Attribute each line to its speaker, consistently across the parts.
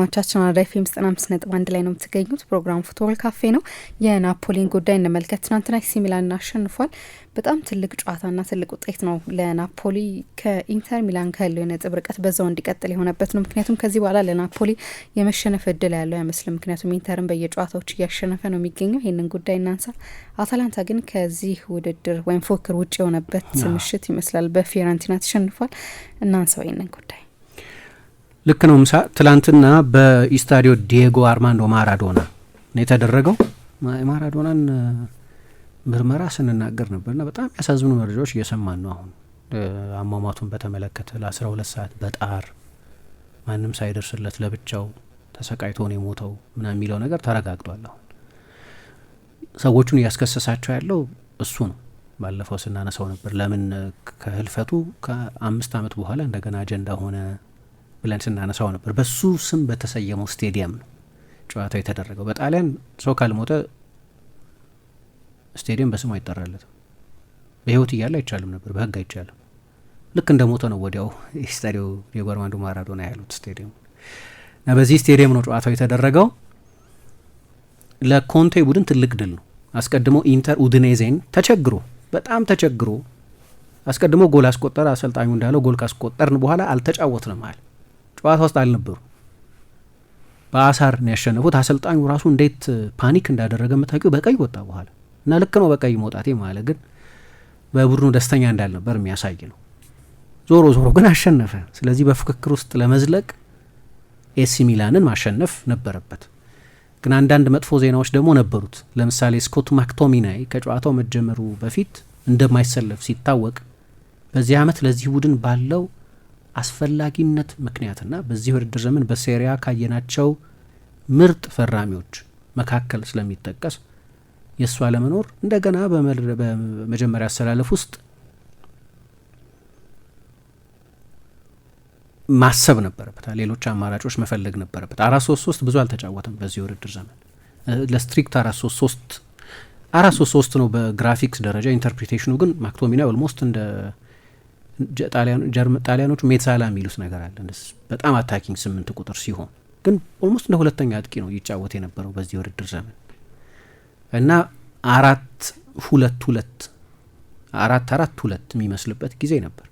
Speaker 1: አድማጮቻችን አራዳ ኤፍ ኤም ዘጠና አምስት ነጥብ አንድ ላይ ነው የምትገኙት። ፕሮግራም ፉትቦል ካፌ ነው። የናፖሊን ጉዳይ እንመልከት። ትናንትና ኤሲ ሚላንን አሸንፏል። በጣም ትልቅ ጨዋታና ትልቅ ውጤት ነው ለናፖሊ። ከኢንተር ሚላን ካለው የነጥብ ርቀት በዛው እንዲቀጥል የሆነበት ነው። ምክንያቱም ከዚህ በኋላ ለናፖሊ የመሸነፍ እድል ያለው አይመስልም። ምክንያቱም ኢንተርን በየጨዋታዎች እያሸነፈ ነው የሚገኘው። ይህንን ጉዳይ እናንሳ። አታላንታ ግን ከዚህ ውድድር ወይም ፉክክር ውጭ የሆነበት ምሽት ይመስላል። በፊዮረንቲና ተሸንፏል። እናንሳው ይህንን ጉዳይ
Speaker 2: ልክ ነው ምሳ። ትላንትና በኢስታዲዮ ዲየጎ አርማንዶ ማራዶና ነው የተደረገው። ማራዶናን ምርመራ ስንናገር ነበርና በጣም ያሳዝኑ መረጃዎች እየሰማን ነው። አሁን አሟሟቱን በተመለከተ ለአስራ ሁለት ሰዓት በጣር ማንም ሳይደርስለት ለብቻው ተሰቃይቶ ነው የሞተው ምና የሚለው ነገር ተረጋግጧል። አሁን ሰዎቹን እያስከሰሳቸው ያለው እሱ ነው። ባለፈው ስናነሳው ነበር። ለምን ከህልፈቱ ከአምስት አመት በኋላ እንደገና አጀንዳ ሆነ ብለን ስናነሳው ነበር። በሱ ስም በተሰየመው ስቴዲየም ነው ጨዋታው የተደረገው። በጣሊያን ሰው ካልሞተ ስቴዲየም በስሙ አይጠራለትም። በህይወት እያለ አይቻልም ነበር፣ በህግ አይቻልም። ልክ እንደ ሞተ ነው ወዲያው ስታዲዮ ዲዬጎ አርማንዶ ማራዶና ያሉት ስቴዲየም እና በዚህ ስቴዲየም ነው ጨዋታው የተደረገው። ለኮንቴ ቡድን ትልቅ ድል ነው። አስቀድሞ ኢንተር ኡድኔዜን ተቸግሮ በጣም ተቸግሮ አስቀድሞ ጎል አስቆጠረ። አሰልጣኙ እንዳለው ጎል ካስቆጠርን በኋላ አልተጫወትንም አለ። ጨዋታ ውስጥ አልነበሩ። በአሳር ነው ያሸነፉት። አሰልጣኙ ራሱ እንዴት ፓኒክ እንዳደረገ የምታውቂው በቀይ ወጣ በኋላ እና ልክ ነው በቀይ መውጣቴ ማለት ግን በቡድኑ ደስተኛ እንዳልነበር የሚያሳይ ነው። ዞሮ ዞሮ ግን አሸነፈ። ስለዚህ በፉክክር ውስጥ ለመዝለቅ ኤሲ ሚላንን ማሸነፍ ነበረበት። ግን አንዳንድ መጥፎ ዜናዎች ደግሞ ነበሩት። ለምሳሌ ስኮት ማክቶሚናይ ከጨዋታው መጀመሩ በፊት እንደማይሰለፍ ሲታወቅ በዚህ ዓመት ለዚህ ቡድን ባለው አስፈላጊነት ምክንያትና በዚህ ውድድር ዘመን በሴሪያ ካየናቸው ምርጥ ፈራሚዎች መካከል ስለሚጠቀስ የእሱ አለመኖር እንደገና በመጀመሪያ አሰላለፍ ውስጥ ማሰብ ነበረበት። ሌሎች አማራጮች መፈለግ ነበረበት። አራት ሶስት ሶስት ብዙ አልተጫወተም በዚህ ውድድር ዘመን ለስትሪክት አራት ሶስት ሶስት አራት ሶስት ሶስት ነው በግራፊክስ ደረጃ ኢንተርፕሪቴሽኑ ግን ማክቶሚና ኦልሞስት እንደ ጣሊያኖቹ ሜትሳላ የሚሉት ነገር አለ። በጣም አታኪንግ ስምንት ቁጥር ሲሆን ግን ኦልሞስት እንደ ሁለተኛ አጥቂ ነው ይጫወት የነበረው በዚህ ውድድር ዘመን እና አራት ሁለት ሁለት አራት አራት ሁለት የሚመስልበት ጊዜ ነበር።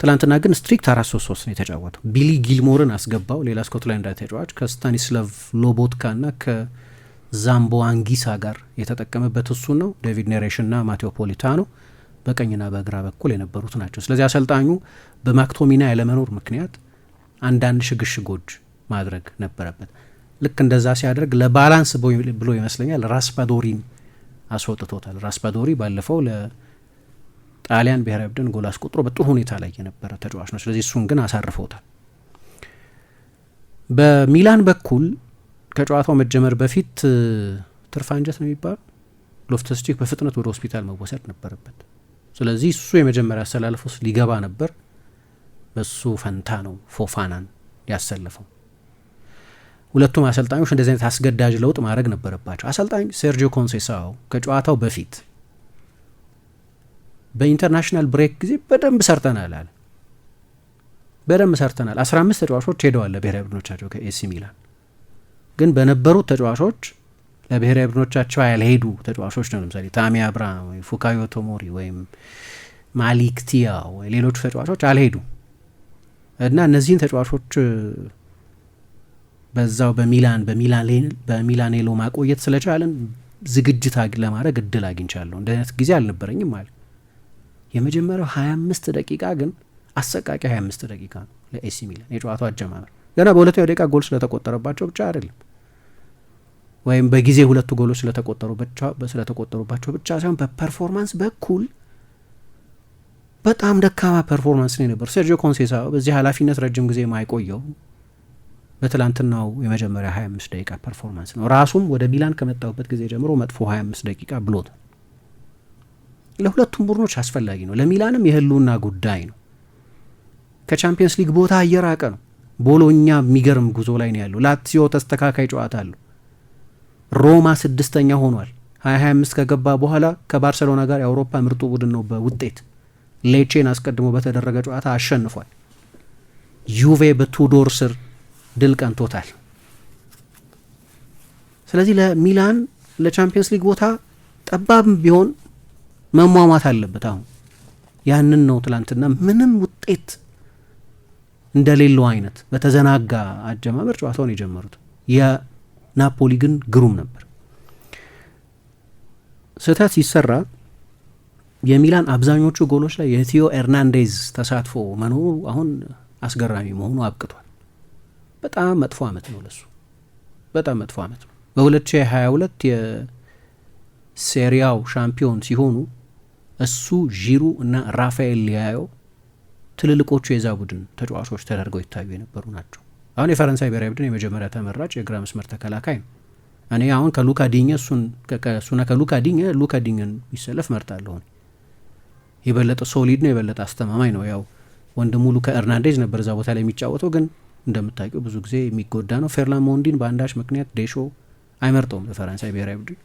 Speaker 2: ትላንትና ግን ስትሪክት አራት ሶስት ሶስት ነው የተጫወተው። ቢሊ ጊልሞርን አስገባው፣ ሌላ ስኮትላንዳዊ ተጫዋች ከስታኒስላቭ ሎቦትካ ና ከዛምቦ አንጊሳ ጋር የተጠቀመበት እሱን ነው። ዴቪድ ኔሬሽን ና ማቴዎ ፖሊታኖ በቀኝና በግራ በኩል የነበሩት ናቸው። ስለዚህ አሰልጣኙ በማክቶሚና ያለመኖር ምክንያት አንዳንድ ሽግሽጎች ማድረግ ነበረበት። ልክ እንደዛ ሲያደርግ ለባላንስ ብሎ ይመስለኛል ራስፓዶሪን አስወጥቶታል። ራስፓዶሪ ባለፈው ለጣሊያን ብሔራዊ ቡድን ጎል አስቆጥሮ በጥሩ ሁኔታ ላይ የነበረ ተጫዋች ነው። ስለዚህ እሱን ግን አሳርፈውታል። በሚላን በኩል ከጨዋታው መጀመር በፊት ትርፍ አንጀት ነው የሚባል ሎፍተስቺክ በፍጥነት ወደ ሆስፒታል መወሰድ ነበረበት። ስለዚህ እሱ የመጀመሪያ አሰላለፍ ውስጥ ሊገባ ነበር። በሱ ፈንታ ነው ፎፋናን ያሰለፈው። ሁለቱም አሰልጣኞች እንደዚህ አይነት አስገዳጅ ለውጥ ማድረግ ነበረባቸው። አሰልጣኝ ሴርጂዮ ኮንሴሳው ከጨዋታው በፊት በኢንተርናሽናል ብሬክ ጊዜ በደንብ ሰርተናል አለ። በደንብ ሰርተናል። አምስት ተጫዋቾች ሄደዋል ለብሔራዊ ቡድኖቻቸው ከኤሲ ሚላን ግን በነበሩት ተጫዋቾች ለብሔራዊ ቡድኖቻቸው ያልሄዱ ተጫዋቾች ነው። ለምሳሌ ታሚ አብርሃም ወይ ፉካዮ ቶሞሪ ወይም ማሊክ ቲያ ወይ ሌሎቹ ተጫዋቾች አልሄዱ እና እነዚህን ተጫዋቾች በዛው በሚላን በሚላን ሌሎ ማቆየት ስለቻለን ዝግጅት ለማድረግ እድል አግኝቻለሁ። እንደ አይነት ጊዜ አልነበረኝም ማለት የመጀመሪያው 25 ደቂቃ ግን አሰቃቂ አምስት ደቂቃ ነው ለኤሲ ሚላን የጨዋታው አጀማመር ገና በሁለተኛው ደቂቃ ጎል ስለተቆጠረባቸው ብቻ አይደለም ወይም በጊዜ ሁለቱ ጎሎች ስለተቆጠሩባቸው ብቻ ሳይሆን በፐርፎርማንስ በኩል በጣም ደካማ ፐርፎርማንስ ነው የነበሩ። ሴርጂዮ ኮንሴሳ በዚህ ኃላፊነት ረጅም ጊዜ ማይቆየው በትላንትናው የመጀመሪያ 25 ደቂቃ ፐርፎርማንስ ነው። ራሱም ወደ ሚላን ከመጣሁበት ጊዜ ጀምሮ መጥፎ 25 ደቂቃ ብሎት ለሁለቱም ቡድኖች አስፈላጊ ነው። ለሚላንም የህልውና ጉዳይ ነው። ከቻምፒየንስ ሊግ ቦታ እየራቀ ነው። ቦሎኛ የሚገርም ጉዞ ላይ ነው ያለው። ላትሲዮ ተስተካካይ ጨዋታ አለው። ሮማ ስድስተኛ ሆኗል። 2025 ከገባ በኋላ ከባርሰሎና ጋር የአውሮፓ ምርጡ ቡድን ነው በውጤት ሌቼን አስቀድሞ በተደረገ ጨዋታ አሸንፏል። ዩቬ በቱዶር ስር ድል ቀንቶታል። ስለዚህ ለሚላን ለቻምፒየንስ ሊግ ቦታ ጠባብ ቢሆን መሟሟት አለበት። አሁን ያንን ነው ትላንትና ምንም ውጤት እንደሌለው አይነት በተዘናጋ አጀማመር ጨዋታውን የጀመሩት ናፖሊ ግን ግሩም ነበር። ስህተት ሲሰራ የሚላን አብዛኞቹ ጎሎች ላይ የቲዮ ኤርናንዴዝ ተሳትፎ መኖሩ አሁን አስገራሚ መሆኑ አብቅቷል። በጣም መጥፎ አመት ነው ለሱ፣ በጣም መጥፎ አመት ነው። በ2022 የሴሪያው ሻምፒዮን ሲሆኑ እሱ ዢሩ እና ራፋኤል ሊያዮ ትልልቆቹ የዛ ቡድን ተጫዋቾች ተደርገው ይታዩ የነበሩ ናቸው። አሁን የፈረንሳይ ብሔራዊ ቡድን የመጀመሪያ ተመራጭ የግራ መስመር ተከላካይ ነው። እኔ አሁን ከሉካ ዲኘ እሱና ከሉካ ዲኘ ሉካ ዲኘን ቢሰለፍ መርጣለሁ። የበለጠ ሶሊድ ነው፣ የበለጠ አስተማማኝ ነው። ያው ወንድሙ ሉካ ኤርናንዴዝ ነበር እዛ ቦታ ላይ የሚጫወተው፣ ግን እንደምታውቂው ብዙ ጊዜ የሚጎዳ ነው። ፌርላን ሞንዲን በአንዳች ምክንያት ዴሾ አይመርጠውም ለፈረንሳይ ብሔራዊ ቡድን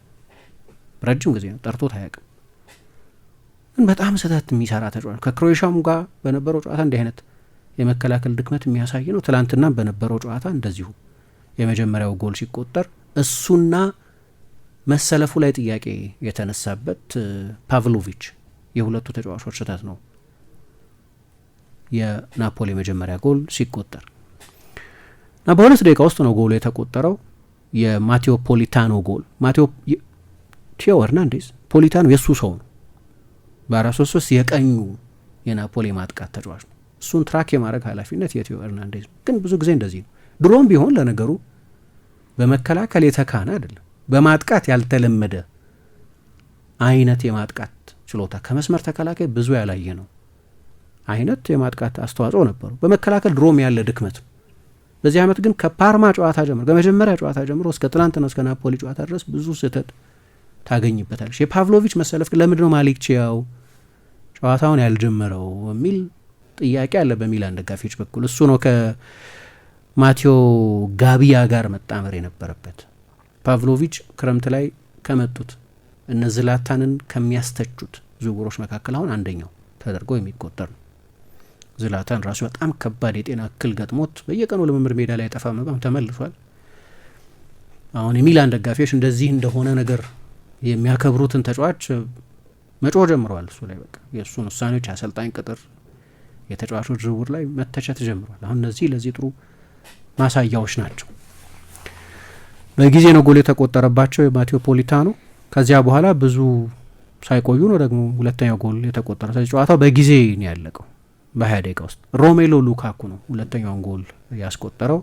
Speaker 2: ረጅም ጊዜ ነው ጠርቶት አያውቅም። ግን በጣም ስህተት የሚሰራ ተጫዋች ከክሮኤሽያም ጋር በነበረው ጨዋታ እንዲህ አይነት የመከላከል ድክመት የሚያሳይ ነው። ትላንትናም በነበረው ጨዋታ እንደዚሁ የመጀመሪያው ጎል ሲቆጠር እሱና መሰለፉ ላይ ጥያቄ የተነሳበት ፓቭሎቪች የሁለቱ ተጫዋቾች ስህተት ነው የናፖሊ የመጀመሪያ ጎል ሲቆጠር እና በሁለት ደቂቃ ውስጥ ነው ጎሉ የተቆጠረው። የማቴዎ ፖሊታኖ ጎል ማቴዎ ቴዎ ሄርናንዴዝ ፖሊታኖ የእሱ ሰው ነው። በአራት ሶስት ሶስት የቀኙ የናፖሊ ማጥቃት ተጫዋች ነው። እሱን ትራክ የማድረግ ኃላፊነት የቲዮ ኤርናንዴዝ ነው። ግን ብዙ ጊዜ እንደዚህ ነው። ድሮም ቢሆን ለነገሩ በመከላከል የተካነ አይደለም፣ በማጥቃት ያልተለመደ አይነት የማጥቃት ችሎታ ከመስመር ተከላካይ ብዙ ያላየ ነው አይነት የማጥቃት አስተዋጽኦ ነበሩ። በመከላከል ድሮም ያለ ድክመት ነው። በዚህ ዓመት ግን ከፓርማ ጨዋታ ጀምሮ ከመጀመሪያ ጨዋታ ጀምሮ እስከ ትናንትና እስከ ናፖሊ ጨዋታ ድረስ ብዙ ስህተት ታገኝበታለች። የፓቭሎቪች መሰለፍ ለምንድን ነው ማሌክቺያው ጨዋታውን ያልጀመረው የሚል ጥያቄ አለ በሚላን ደጋፊዎች በኩል። እሱ ነው ከማቴዎ ጋቢያ ጋር መጣመር የነበረበት። ፓቭሎቪች ክረምት ላይ ከመጡት እነ ዝላታንን ከሚያስተቹት ዝውውሮች መካከል አሁን አንደኛው ተደርጎ የሚቆጠር ነው። ዝላታን ራሱ በጣም ከባድ የጤና እክል ገጥሞት በየቀኑ ልምምድ ሜዳ ላይ ጠፋ መቃም ተመልሷል። አሁን የሚላን ደጋፊዎች እንደዚህ እንደሆነ ነገር የሚያከብሩትን ተጫዋች መጮህ ጀምረዋል። እሱ ላይ በቃ የእሱን ውሳኔዎች አሰልጣኝ ቅጥር የተጫዋቾች ዝውውር ላይ መተቸት ጀምሯል። አሁን እነዚህ ለዚህ ጥሩ ማሳያዎች ናቸው። በጊዜ ነው ጎል የተቆጠረባቸው የማቴዎ ፖሊታኖ። ከዚያ በኋላ ብዙ ሳይቆዩ ነው ደግሞ ሁለተኛው ጎል የተቆጠረ። ስለዚህ ጨዋታው በጊዜ ነው ያለቀው። በሀያ ደቂቃ ውስጥ ሮሜሎ ሉካኩ ነው ሁለተኛውን ጎል ያስቆጠረው።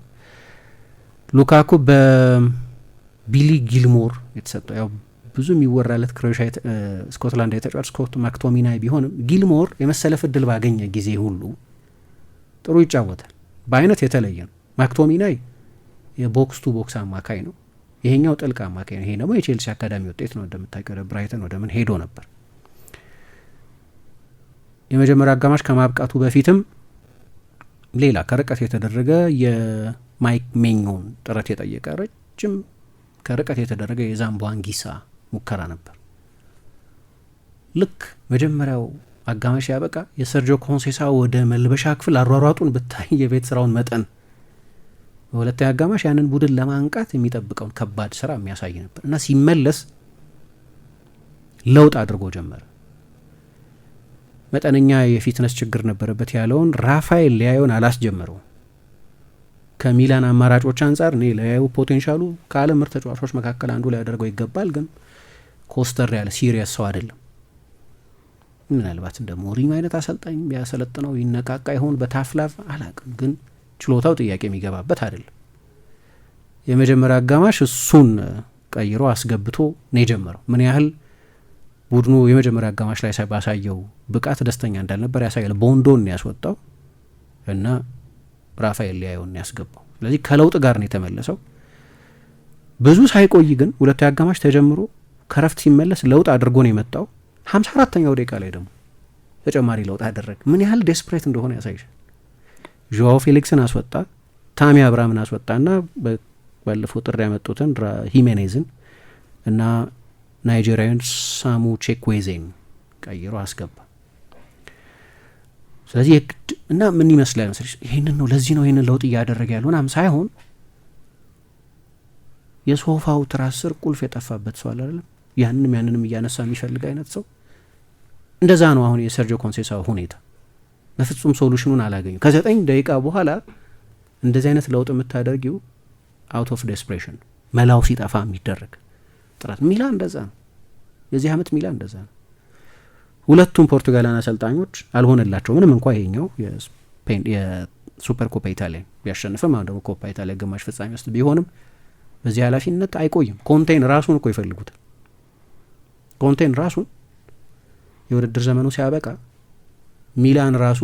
Speaker 2: ሉካኩ በቢሊ ጊልሞር የተሰጠው ያው ብዙ የሚወራለት ክሮሻ ስኮትላንድ የተጫዋች ስኮት ማክቶሚናይ ቢሆንም ጊልሞር የመሰለፍ እድል ባገኘ ጊዜ ሁሉ ጥሩ ይጫወታል። በአይነት የተለየ ነው። ማክቶሚናይ የቦክስ ቱ ቦክስ አማካይ ነው፣ ይሄኛው ጥልቅ አማካኝ ነው። ይሄ ደግሞ የቼልሲ አካዳሚ ውጤት ነው። እንደምታውቂው ወደ ብራይተን ወደ ምን ሄዶ ነበር። የመጀመሪያ አጋማሽ ከማብቃቱ በፊትም ሌላ ከርቀት የተደረገ የማይክ ሜኞን ጥረት የጠየቀ ረጅም ከርቀት የተደረገ የዛምቧንጊሳ ሙከራ ነበር። ልክ መጀመሪያው አጋማሽ ያበቃ የሰርጆ ኮንሴሳ ወደ መልበሻ ክፍል አሯሯጡን ብታይ የቤት ስራውን መጠን በሁለተኛ አጋማሽ ያንን ቡድን ለማንቃት የሚጠብቀውን ከባድ ስራ የሚያሳይ ነበር እና ሲመለስ ለውጥ አድርጎ ጀመረ። መጠነኛ የፊትነስ ችግር ነበረበት ያለውን ራፋኤል ሊያዮን አላስጀመረው። ከሚላን አማራጮች አንጻር እኔ ሊያዮ ፖቴንሻሉ ከዓለም ምርጥ ተጫዋቾች መካከል አንዱ ሊያደርገው ይገባል ግን ኮስተር ያለ ሲሪየስ ሰው አይደለም። ምናልባት እንደ ሞሪኞ አይነት አሰልጣኝ ቢያሰለጥነው ይነቃቃ ይሆን በታፍላቭ አላቅም፣ ግን ችሎታው ጥያቄ የሚገባበት አይደለም። የመጀመሪያ አጋማሽ እሱን ቀይሮ አስገብቶ ነው የጀመረው። ምን ያህል ቡድኑ የመጀመሪያ አጋማሽ ላይ ባሳየው ብቃት ደስተኛ እንዳልነበር ያሳያል። ቦንዶን ያስወጣው እና ራፋኤል ሊያየውን ያስገባው። ስለዚህ ከለውጥ ጋር ነው የተመለሰው። ብዙ ሳይቆይ ግን ሁለቱ አጋማሽ ተጀምሮ ከረፍት ሲመለስ ለውጥ አድርጎ ነው የመጣው። ሀምሳ አራተኛው ደቂቃ ላይ ደግሞ ተጨማሪ ለውጥ አደረግ። ምን ያህል ዴስፕሬት እንደሆነ ያሳይሻል። ዣዋ ፌሊክስን አስወጣ፣ ታሚ አብርሃምን አስወጣ ና ባለፈው ጥር ያመጡትን ሂሜኔዝን እና ናይጄሪያዊን ሳሙ ቼክዌዜን ቀይሮ አስገባ። ስለዚህ የግድ እና ምን ይመስላል መሰለሽ ይህንን ነው ለዚህ ነው ይህንን ለውጥ እያደረገ ያለው ምናምን ሳይሆን የሶፋው ትራስ ስር ቁልፍ የጠፋበት ሰው አለ አይደለም ያንንም ያንንም እያነሳ የሚፈልግ አይነት ሰው እንደዛ ነው። አሁን የሰርጆ ኮንሴሳ ሁኔታ በፍጹም ሶሉሽኑን አላገኙ። ከዘጠኝ ደቂቃ በኋላ እንደዚህ አይነት ለውጥ የምታደርጊው አውት ኦፍ ዴስፕሬሽን መላው ሲጠፋ የሚደረግ ጥረት። ሚላ እንደዛ ነው። የዚህ አመት ሚላ እንደዛ ነው። ሁለቱም ፖርቱጋላን አሰልጣኞች አልሆነላቸው። ምንም እንኳ ይሄኛው የሱፐር ኮፓ ኢታሊያ ቢያሸንፍም አሁን ደግሞ ኮፓ ኢታሊያ ግማሽ ፍጻሜ ውስጥ ቢሆንም በዚህ ኃላፊነት አይቆይም። ኮንቴን ራሱን እኮ ይፈልጉታል። ኮንቴን ራሱን የውድድር ዘመኑ ሲያበቃ ሚላን ራሱ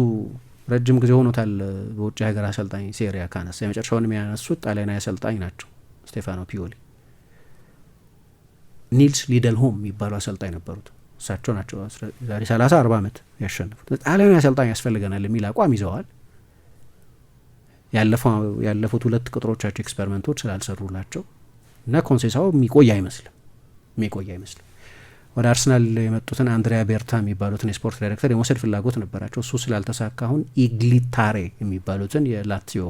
Speaker 2: ረጅም ጊዜ ሆኖታል በውጭ ሀገር አሰልጣኝ ሴሪያ ካነሳ የመጨረሻውን የሚያነሱት ጣሊያናዊ አሰልጣኝ ናቸው ስቴፋኖ ፒዮሊ ኒልስ ሆም የሚባሉ አሰልጣኝ ነበሩት እሳቸው ናቸው ዛሬ ሰላሳ አርባ ዓመት ያሸነፉት ጣሊያናዊ አሰልጣኝ ያስፈልገናል የሚል አቋም ይዘዋል ያለፉት ሁለት ቅጥሮቻቸው ኤክስፐሪመንቶች ስላልሰሩላቸው እና ኮንሴሳው የሚቆይ አይመስልም የሚቆይ አይመስልም ወደ አርሰናል የመጡትን አንድሪያ ቤርታ የሚባሉትን የስፖርት ዳይሬክተር የመውሰድ ፍላጎት ነበራቸው። እሱ ስላልተሳካ አሁን ኢግሊታሬ የሚባሉትን የላትዮ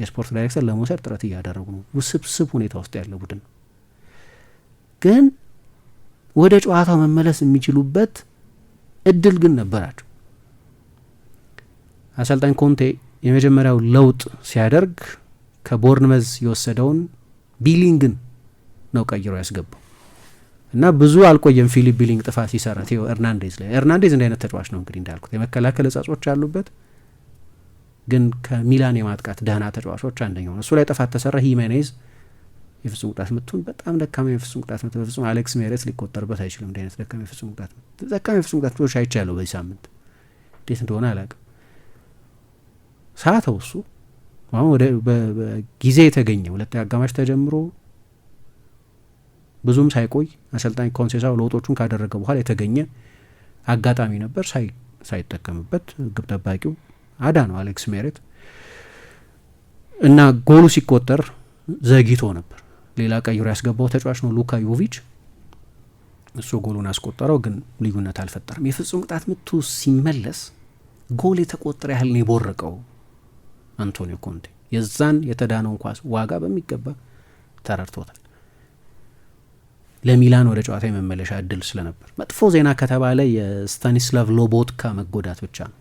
Speaker 2: የስፖርት ዳይሬክተር ለመውሰድ ጥረት እያደረጉ ነው። ውስብስብ ሁኔታ ውስጥ ያለ ቡድን ነው። ግን ወደ ጨዋታው መመለስ የሚችሉበት እድል ግን ነበራቸው። አሰልጣኝ ኮንቴ የመጀመሪያው ለውጥ ሲያደርግ ከቦርንመዝ የወሰደውን ቢሊንግን ነው ቀይሮ ያስገባው። እና ብዙ አልቆየም ፊሊፕ ቢሊንግ ጥፋት ሲሰራ ቴዎ ኤርናንዴዝ ላይ ኤርናንዴዝ እንደ አይነት ተጫዋች ነው እንግዲህ እንዳልኩት የመከላከል እጻጾች ያሉበት ግን ከሚላን የማጥቃት ደህና ተጫዋቾች አንደኛው ነው። እሱ ላይ ጥፋት ተሰራ። ሂሜኔዝ የፍጹም ቅጣት ምቱን በጣም ደካማ የፍጹም ቅጣት ምት በፍጹም አሌክስ ሜሬስ ሊቆጠርበት አይችልም። እንደ አይነት ደካማ የፍጹም ቅጣት ምት ደካማ የፍጹም ቅጣት ምቶች አይቻለሁ በዚህ ሳምንት እንዴት እንደሆነ አላውቅም። ሰዓተው እሱ አሁን ወደ በጊዜ የተገኘ ሁለተኛ አጋማሽ ተጀምሮ ብዙም ሳይቆይ አሰልጣኝ ኮንሴሳው ለውጦቹን ካደረገ በኋላ የተገኘ አጋጣሚ ነበር። ሳይጠቀምበት ግብ ጠባቂው አዳ ነው አሌክስ ሜሬት እና ጎሉ ሲቆጠር ዘግይቶ ነበር። ሌላ ቀይሮ ያስገባው ተጫዋች ነው ሉካ ዮቪች። እሱ ጎሉን አስቆጠረው፣ ግን ልዩነት አልፈጠርም። የፍጹም ቅጣት ምቱ ሲመለስ ጎል የተቆጠረ ያህል ነው የቦረቀው አንቶኒዮ ኮንቴ። የዛን የተዳነውን ኳስ ዋጋ በሚገባ ተረድቶታል። ለሚላን ወደ ጨዋታ የመመለሻ እድል ስለነበር። መጥፎ ዜና ከተባለ የስታኒስላቭ ሎቦትካ መጎዳት ብቻ ነው።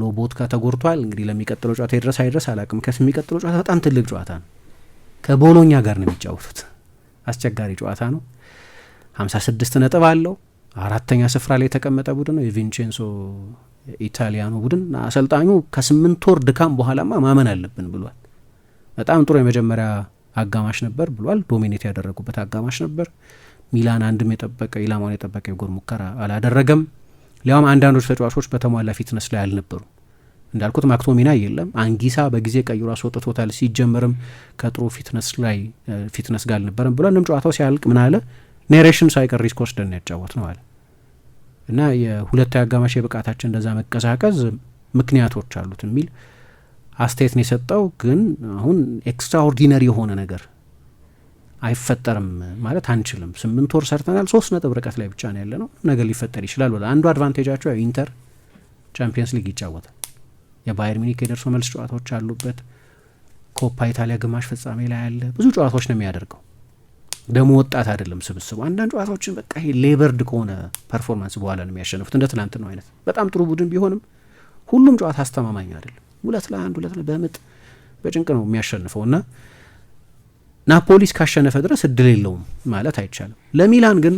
Speaker 2: ሎቦትካ ተጎድቷል። እንግዲህ ለሚቀጥለው ጨዋታ ይድረስ አይድረስ አላቅም። ከስ የሚቀጥለው ጨዋታ በጣም ትልቅ ጨዋታ ነው። ከቦሎኛ ጋር ነው የሚጫወቱት። አስቸጋሪ ጨዋታ ነው። 56 ነጥብ አለው። አራተኛ ስፍራ ላይ የተቀመጠ ቡድን ነው የቪንቼንሶ ኢታሊያኑ ቡድን። አሰልጣኙ ከስምንት ወር ድካም በኋላማ ማመን አለብን ብሏል። በጣም ጥሩ የመጀመሪያ አጋማሽ ነበር ብሏል። ዶሚኔት ያደረጉበት አጋማሽ ነበር። ሚላን አንድም የጠበቀ ኢላማውን የጠበቀ የጎል ሙከራ አላደረገም። ሊያውም አንዳንዶች ተጫዋቾች በተሟላ ፊትነስ ላይ አልነበሩ። እንዳልኩት ማክቶሚና የለም፣ አንጊሳ በጊዜ ቀይሮ አስወጥቶታል። ሲጀመርም ከጥሩ ፊትነስ ላይ ፊትነስ ጋር አልነበረም ብሏል። ንም ጨዋታው ሲያልቅ ምን አለ? ኔሬሽን ሳይቀር ሪስክ ወስደን ያጫወት ነው አለ እና የሁለታዊ አጋማሽ የብቃታችን እንደዛ መቀዛቀዝ ምክንያቶች አሉት የሚል አስተያየት ነው የሰጠው። ግን አሁን ኤክስትራኦርዲነሪ የሆነ ነገር አይፈጠርም ማለት አንችልም። ስምንት ወር ሰርተናል። ሶስት ነጥብ ርቀት ላይ ብቻ ነው ያለ ነው። ነገር ሊፈጠር ይችላል። ወደ አንዱ አድቫንቴጃቸው ያው ኢንተር ቻምፒየንስ ሊግ ይጫወታል። የባየር ሚኒክ የደርሶ መልስ ጨዋታዎች አሉበት። ኮፓ ኢታሊያ ግማሽ ፍጻሜ ላይ ያለ ብዙ ጨዋታዎች ነው የሚያደርገው። ደግሞ ወጣት አይደለም ስብስቡ። አንዳንድ ጨዋታዎችን በቃ ይሄ ሌበርድ ከሆነ ፐርፎርማንስ በኋላ ነው የሚያሸንፉት። እንደ ትናንት ነው አይነት በጣም ጥሩ ቡድን ቢሆንም ሁሉም ጨዋታ አስተማማኝ አይደለም። ሁለት ለአንድ ሁለት በምጥ በጭንቅ ነው የሚያሸንፈው እና ናፖሊስ ካሸነፈ ድረስ እድል የለውም ማለት አይቻልም። ለሚላን ግን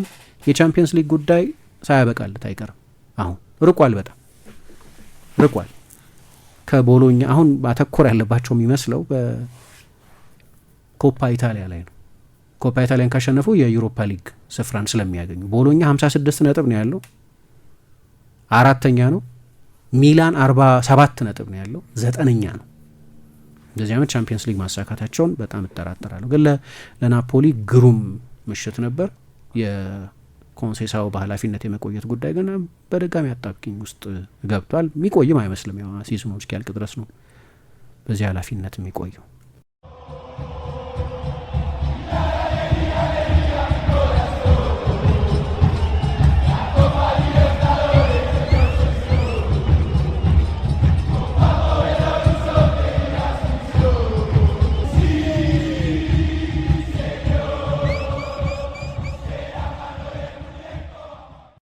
Speaker 2: የቻምፒየንስ ሊግ ጉዳይ ሳያበቃለት አይቀርም። አሁን ርቋል፣ በጣም ርቋል ከቦሎኛ። አሁን ማተኮር ያለባቸው የሚመስለው በኮፓ ኢታሊያ ላይ ነው። ኮፓ ኢታሊያን ካሸነፉ የዩሮፓ ሊግ ስፍራን ስለሚያገኙ ቦሎኛ 56 ነጥብ ነው ያለው፣ አራተኛ ነው። ሚላን ሰባት ነጥብ ነው ያለው፣ ዘጠነኛ ነው። እንደዚህ አይነት ቻምፒየንስ ሊግ ማሳካታቸውን በጣም እጠራጠራለሁ። ግን ለናፖሊ ግሩም ምሽት ነበር። የኮንሴሳው በኃላፊነት የመቆየት ጉዳይ ግን በድጋሚ አጣብቂኝ ውስጥ ገብቷል። የሚቆይም አይመስልም። ሲዝኑ እስኪያልቅ ድረስ ነው በዚህ ኃላፊነት የሚቆየው።